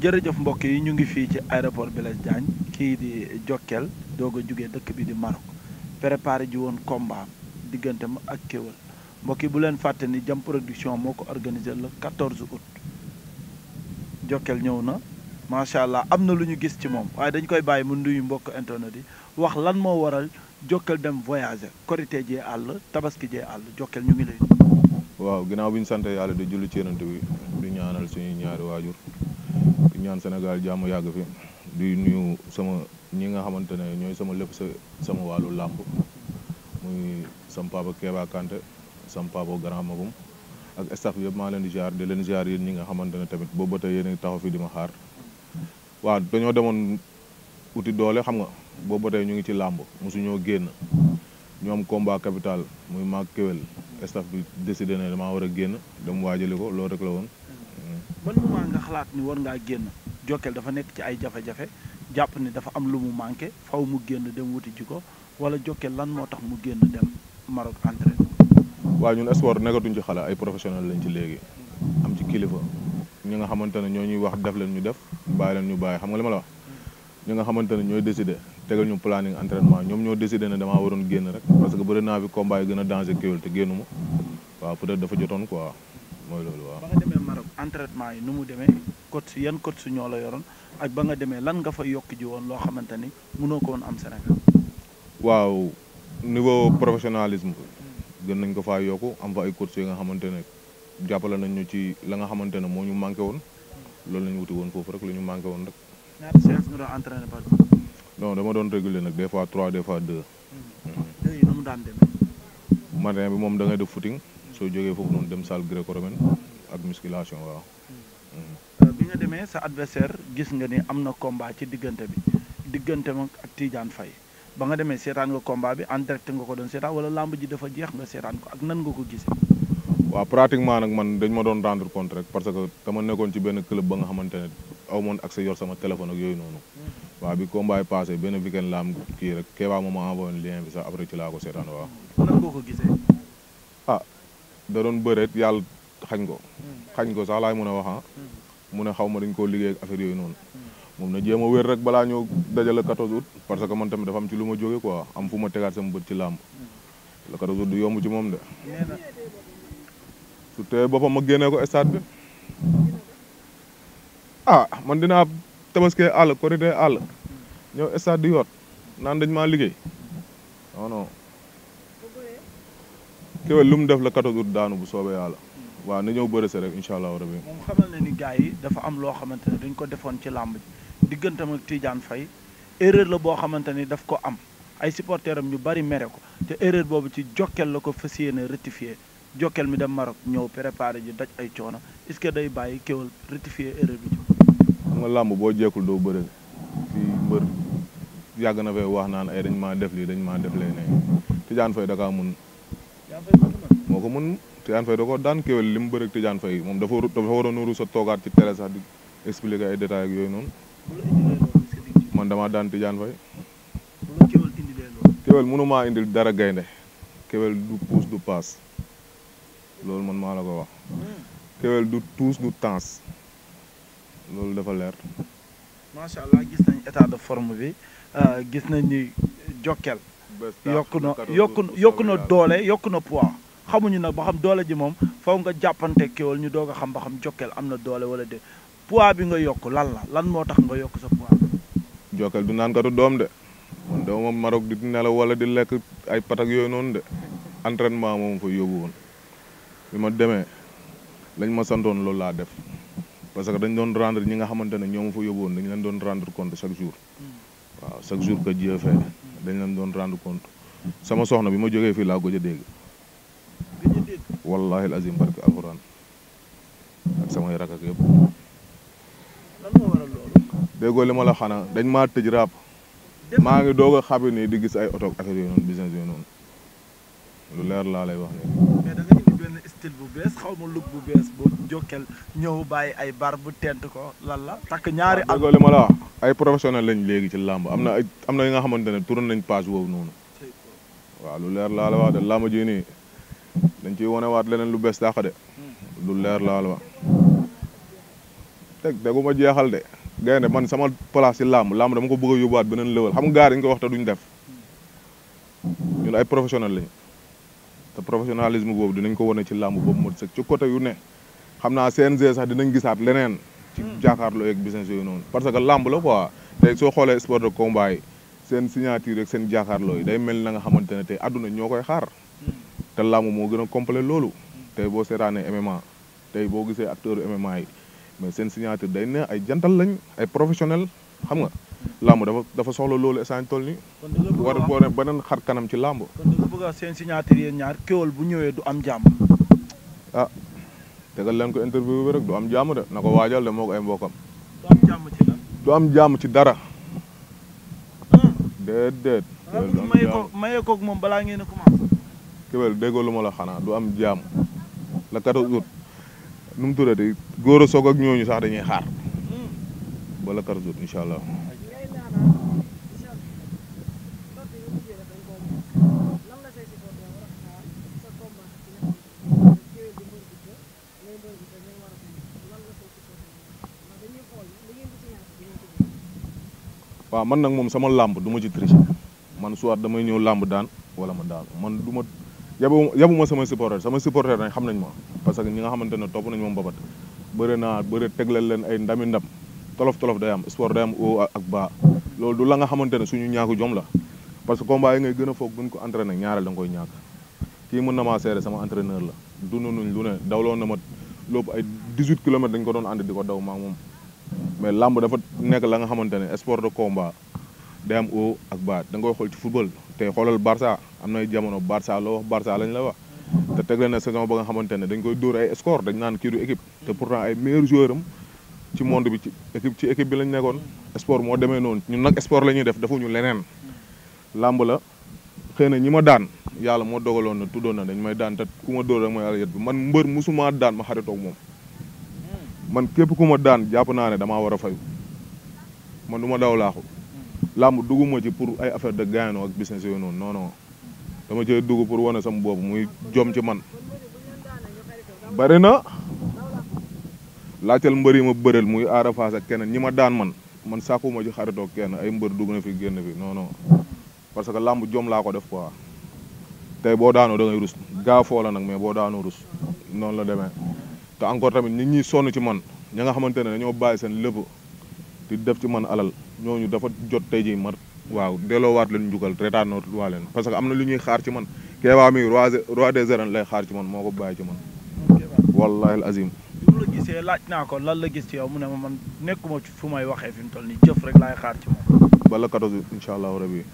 jërëjëf mbokk yi ñu ngi fii ci aéroport Blaise Diagne kii di Jokkel doog a jógee dëkk bi di Maroc préparé ji woon combat digganteem ak Kéweul mbokki yi bu leen fàtte ni jam production moo ko organisé le 14 août Jokkel ñëw na macha allah am na lu ñu gis ci moom waaye dañ koy bàyyi mu nuyu mbokk internet yi wax lan moo waral Jokkel dem voyager korité jee àll tabaski jee àll Jokkel ñu ngi lay. waaw ginnaaw bi ñu sant yàlla di julli ci yonent bi di ñaanal suñu ñaari waajur. ñaan Sénégal jàmm yàgg fi di nuyu sama ñi nga xamante ne ñooy sama lépp sa sama wàllu làmb muy sam papa Kéba Kanté sam papa grand magum ak staff bi yëpp maa leen di ziar di leen yéen ñi nga xamante ne tamit boobu ba tey yéen a taxaw fi di ma xaar waaw dañoo demoon uti doole xam nga boobu ba ñu ngi ci làmb mosuñoo génn ñoom am combat capital muy maag kéwél staff bi décidé na damaa war a génn dem waajali ko loolu rek la woon ban moment nga xalaat ni war ngaa génn jokkeel dafa nekk ci ay jafe-jafe jàpp ni dafa am lu mu manqué faw mu génn dem wuti ji ko wala Jokal lan moo tax mu génn dem Maroc entraîné. waaw ñun sport nekkatuñ ci xale ay professionnel lañ ci léegi am ci kilifa ñu nga xamante ne ñoo ñuy wax def leen ñu def bàyyi leen ñu bàyyi xam nga li ma la wax ñi nga xamante ne ñooy décider tegal ñu planning entraînement ñoom ñoo décider ne damaa waroon génn rek parce que bëri naa fi combat yi gën a danger kéwél te génnuma waaw peut-être dafa jotoon quoi. mooy loolu waaw. ba nga demee Maroc entraînement yi nu mu demee coach yan coach ñoo la yoroon ak ba nga demee lan nga fa yokk ji woon loo xamante ni mënoo ko woon am Sénégal. waaw niveau professionnalisme gën nañ ko faa yokku am fa ay coach yi nga xamante ne jàppale nañ ñu ci la nga xamante ne moo ñu manqué woon loolu la ñu wuti woon foofu rek lu ñu manqué woon rek. ñaata séance nga doon dama doon régulier nag des trois des fois deux. deux hmm. hmm. yi nu mu daan bi moom da ngay def footing. soo jógee foofu noonu dem salle gréco-romaine ak musculation waaw. Euh, bi nga demee sa adversaire gis nga ni am na combat ci diggante bi diggante moom ak Tidiane fey ba nga demee seetaan nga bi en direct nga ko doon seetaan wala lamb ji dafa jeex nga seetaan ko ak nan nga ko gisee. waaw pratiquement nag man dañ ma doon rendre compte parce que dama nekkoon ci benn club ba nga xamante ne moon accès yor sama yooyu noonu. Hmm. waaw bi combat yi passé benn weekend la am kii rek Kéba moom ma envoyé lien bi sax après ci laa ko seetaan waaw. nan nga ko gisee. da doon bëreet yàlla xañ ko hmm. xañ ko sax laay mën a wax ah hmm. mu ne xaw ma dañ koo liggéey ak affaire yooyu noonu hmm. moom na jéem a wér rek balaa ñoo dajale 14 août parce que man tamit dafa am ci lu ma jóge quoi am fu ma tegaat sama bët ci làmb le 14 août du ci moom de su boppam ma génnee ko stade bi ah man dinaa tabaskee àll korité àll ñëw stade di yoot naan dañ maa liggéey Keweul lu mu def la 14 août daanu bu soobee yàlla. waaw na ñëw bëre si rek incha allahu rabi. moom xamal na ni gars yi dafa am loo xamante ne dañ ko defoon ci làmb ji digganteem ak Tidiane Faye erreur la boo xamante ni daf ko am ay supporteurs am ñu bari mere ko te erreur boobu ci Jokal la ko fas yéene rectifier Jokal mi dem Maroc ñëw préparé ji daj ay coono est ce que day bàyyi Keweul rectifier erreur bi ci. xam nga làmb boo jekkul doo bëre fii mbër yàgg na fay wax naan ay dañ maa def lii dañ maa def lee ne Tidiane da kaa mun. moo ko mën Tidiane Faye da ko daan kéwél li mu bëreeg Tidiane Faye moom dafa dafa waroon a ruus a toogaat ci télé sax di expliquer ay détails ak yooyu noonu man damaa daan Tidiane Faye kéwél mënumaa indil dara gaynde kéwél du puus du paas loolu man maa la ko wax kéwél du tuus du tans loolu dafa leer macha allah gis nañ état de forme bi ah, gis nañ ni jokkel yokk na yokk na yokk na doole yokk na poids xamuñu nag ba xam doole ji moom faw nga jàppante kéwal ñu doog a xam ba xam na doole wala de poids bi nga yokk lan la lan moo tax nga yokk sa poids. jokkeel du naan katu doom de man dama Maroc di nelaw wala di lekk ay patak yooyu noonu de entraînement moom fa yóbbu woon bi ma demee lañ ma santoon loolu laa def parce que dañ doon rendre ñi nga xamante ne ñoo ma fa yóbbu woon dañ leen doon rendre compte chaque jour hmm. waaw chaque jour que Dieu fait dañ leen doon rendre compte sama soxna bi ma jógee fii laa gëj a dégg. wallahi alazim barke alxuraan ak samay rak ak yëpp. lan moo waral li ma la xanaa dañ maa tëj raap. maa ngi doog a xabi nii di gis ay oto ak affaire yooyu business yooyu noonu lu leer laa lay wax nii. mais bu bees xaw ma look bu bees bu jokkeel ñëw bàyyi ay bar bu tent ko lan la. takk ñaari ak ma la wax ay professionnel lañ léegi ci làmb am na ay am na yi nga xamante ne tourné nañ paaj woowu noonu. waaw lu leer laa la wax da làmb ji dañ ciy wonewaat leneen lu bees dàq de. Hmm. lu leer laal ma. teg tegu ma jeexal de. gaynde man sama place ci làmb làmb dama ko bëgg a yóbbuwaat beneen level xam nga gars dañ ko wax te duñ def hmm. ñun ay professionnel lañ te professionnalisme boobu dinañ ko wane ci làmb boobu moo sëkk ci côté yu ne xam na CNG sax dinañ gisaat leneen. ci hmm. jàkkaarloo yeeg business yooyu noonu. parce que làmb la quoi tey soo xoolee sport de combat yi seen signature seen jàkkaarloo yi day mel na nga xamante ne tey àdduna ñoo koy xaar. te làmb moo gën a complet loolu tey boo seetaanee MMA tey boo gisee acteur MMA yi mais seen signature day ne ay jantal lañ ay professionnel xam nga làmb dafa dafa soxla loolu essane toll ni war boo ne beneen xar kanam ci làmb kon da yéen ñaar kéwal bu ñëwee du am jàmm ah tegal leen ko interview bi rek du am jàmm de na ko waajal de moo ay mbokam du am jàmm ci lan am jàmm ci dara déet déet mayee koog moom balaa ngeen a commencé kébel déggoo lu ma la xanaa du am jàmm la 14 août nu mu tuddati góor a soog ak ñooñu sax dañuy xaar ba la 14 août incha allah. waaw man nag moom sama làmb duma ma ci tricher man soit damay ñëw làmb daan walla ma daal man du yabu yabuma sama supporter sama supporter nañ xam nañ ma parce que ñi nga xamante ne topp nañ moom babat bëri naa bëri teglal leen ay ndami ndam tolof tolof day am sport day am ak bas loolu la nga xamante ne suñu ñaaku jom la parce que combat yi ngay gën a foog buñ ko entraîné ñaareel da nga koy ñàkk kii mën na maa seere sama entraîneur la dund nañ lu ne dawloon na ma lóobu ay 18 kilomètres dañ ko doon ànd di ko daw maa moom mais làmb dafa nekk la nga xamante ne sport de combat day am ak bas da nga xool ci football te xoolal Barça am nay jamono Barça loo wax Barça lañ la wax te tegle na saison ba nga xamante ne dañ koy dóor ay score dañ naan kii du équipe te pourtant ay meilleurs joueurs am ci monde bi ci équipe ci équipe bi lañ nekkoon sport moo demee noonu ñun nag sport la ñuy def defuñu leneen làmb la xëy na ñi ma daan yàlla moo dogaloon na tuddoon na dañ may daan te ku ma dóor rek ma yàlla bi man mbër musumaa daan ma xaritoog moom man képp ku ma daan jàpp naa ne damaa war a fayu man du daw laaxu làmb dugguma ci pour ay affaire de gaynoo ak business yooyu noonu non non dama cee dugg pour wane sama boobu muy jom ci man bari na laajteel mbër yi ma bëreel muy Ada Fass ak keneen ñi ma daan man man sàkkuma ci xaritoo kenn ay mbër dugg na fi génn fi non non parce que làmb jom laa ko def quoi tey boo daanoo da ngay rus gaa foo la nag mais boo daanoo rus noonu la demee te encore tamit nit ñi sonn ci man ñi nga xamante ne dañoo bàyyi seen lépp di def ci man alal ñooñu dafa jot tey jii mar waaw delloowaat leen njukkal reetaanoot waa leen parce que am na lu ñuy xaar ci man Kéba mi roi roi des arènes lay xaar ci man moo ko bàyyi ci man wallahi azim bu ko lan la gis ci yaw mu ne ma man nekk nekkuma fu may waxee fi mu toll nii jëf rek laay xaar ci moom bala 14 incha allahu rabi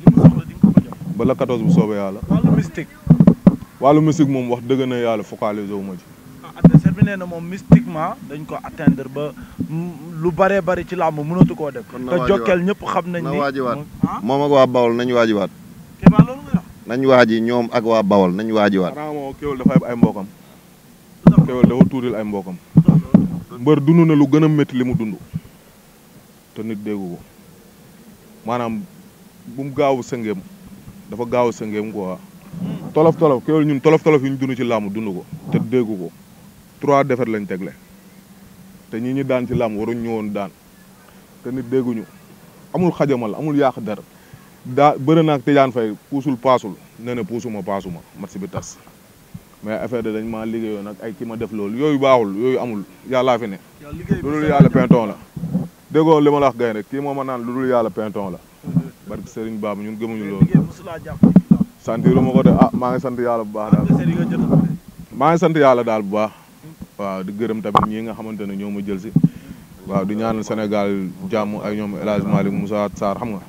bala 14 bu soobee yàlla wàllu mystique wàllu mystique moom wax dëgg na yàlla focalisé wu ma ci bi nee na moom mystiquement dañ ko atteindre ba lu bëree bëri ci làmb mënatu koo def. kon te Jokal ñëpp xam nañ ni na waajiwaat ah? moom ak waa Bawol nañ waajiwaat. Kéba loolu nga wax. nañ waaji ñoom ak waa Bawol nañ waajiwaat. xanaa moom Kéwel dafa ay mbokkam. Kéwel dafa tuuril ay mbokkam. mbër dund na lu gën a métti li mu dund. te nit déggu ko maanaam bu mu gaaw sëngeem dafa gaaw sëngeem quoi. Hmm. tolof tolof Kéwel ñun tolof tolof yi ñu dund ci làmb dund ko te déggu ko. trois défaites lañ tegle te ñi ñu daan ci lam waruñ ñu woon daan te ni dégguñu amul xajamal amul yàq dara daa bëri naag Tidiane Faye puusul paasul nee na puusuma paasuma match bi tas mais affaire de dañ maa liggéeyoon nag ay ki ma def loolu yooyu baaxul yooyu amul yàllaa fi ne lu dul yàlla pinton la déggoo li ma la wax gay kii moo ma naan lu dul yàlla pinton la barke Serigne Bab ñun gëmuñu loolu santiru ma ko de ah maa ngi sant yàlla bu baax daal maa ngi sant yàlla daal bu baax waaw di gërëm tamit ñi nga xamante ne ñoom ma jël si waaw di ñaanal Sénégal jàmm ay ñoom El Hadj Malick Moussa xam nga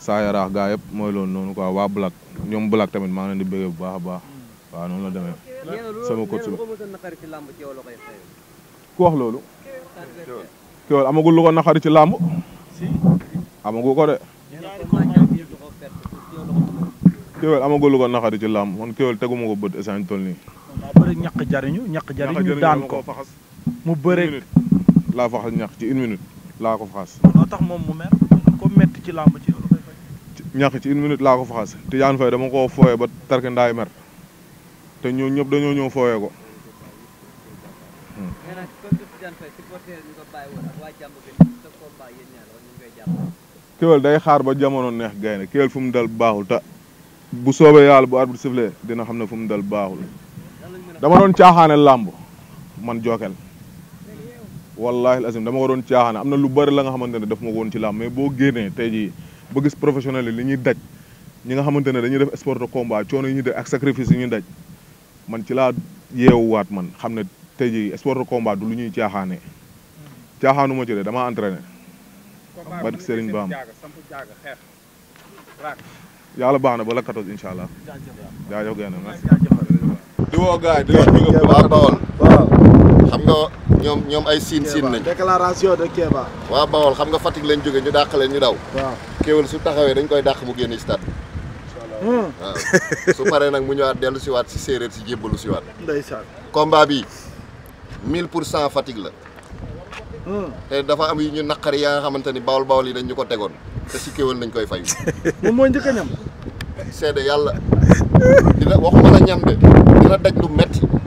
saa yaraax gaa yëpp mooy loolu noonu quoi waa Black ñoom Black tamit maa ngi leen di bëggee bu baax a baax waaw noonu la demee sama coach bi ku wax loolu kéwél amagul lu ko naqari ci làmb amagu ko de kéwél amagul lu ko naqari ci làmb man kéwél teguma ko bët essane toll nii bëreeg ñàkk jariñu ñàkk jariñu daan ko mu bëreeg laa faxas ñàkk ci une minute laa ko faxas loo tax moom mu mer ko ci làmb ci ci une minute laa te yaan fay dama koo fooyee ba tarki ndaay mer te ñoo ñëpp dañoo ñëw fooyee ko hmm. kéwél day xaar ba jamono neex gaynde kéwél fu mu dal baaxul ta bu soobee yàlla bu arbitre sifflé dina xam ne fu mu dal baaxul dama doon caaxaane làmb man Jokal wallahi azim dama ko doon caaxaane am na lu bari la nga xamante ne daf ma ko woon ci làmb mais boo génnee tey jii ba gis professionnel yi li ñuy daj ñi nga xamante ne dañuy def sport de combat yi ñuy def ak sacrifice yi ñuy daj ci laa yeewuwaat man xam ne tey jii sport de lu ñuy caaxaanee caaxaanu ma ci de damaa entraîné. baax na ba la 14 allah di woo gars yi di leen bëgg xam nga ñoom ñoom ay siin siin nañ de Kéba waa Bawol xam nga Fatick lañ jóge ñu dàq leen ñu daw waaw kéwél su taxawee dañ koy dàq mu génn stade hmm. waaw su paree nag mu ñëwaat dellu si waat si séeréer si jébbalu si waat ndeysaan combat bi mille pour cent Fatick la hmm. te dafa am yu ñu naqari yaa nga xamante ni bawol bawol yi dañ ñu ko tegoon te si kéwél lañ koy fay moom mooy yàlla dina waxuma la ñam de dina daj lu metti